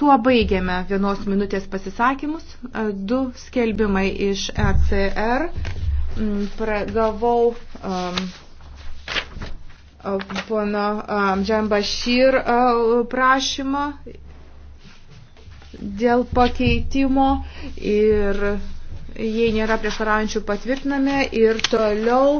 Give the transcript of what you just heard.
Tuo baigiame vienos minutės pasisakymus. E, du skelbimai iš ECR. Mm, gavau um, pono um, Džembašyr um, prašymą dėl pakeitimo ir jei nėra prieštaraujančių patvirtiname ir toliau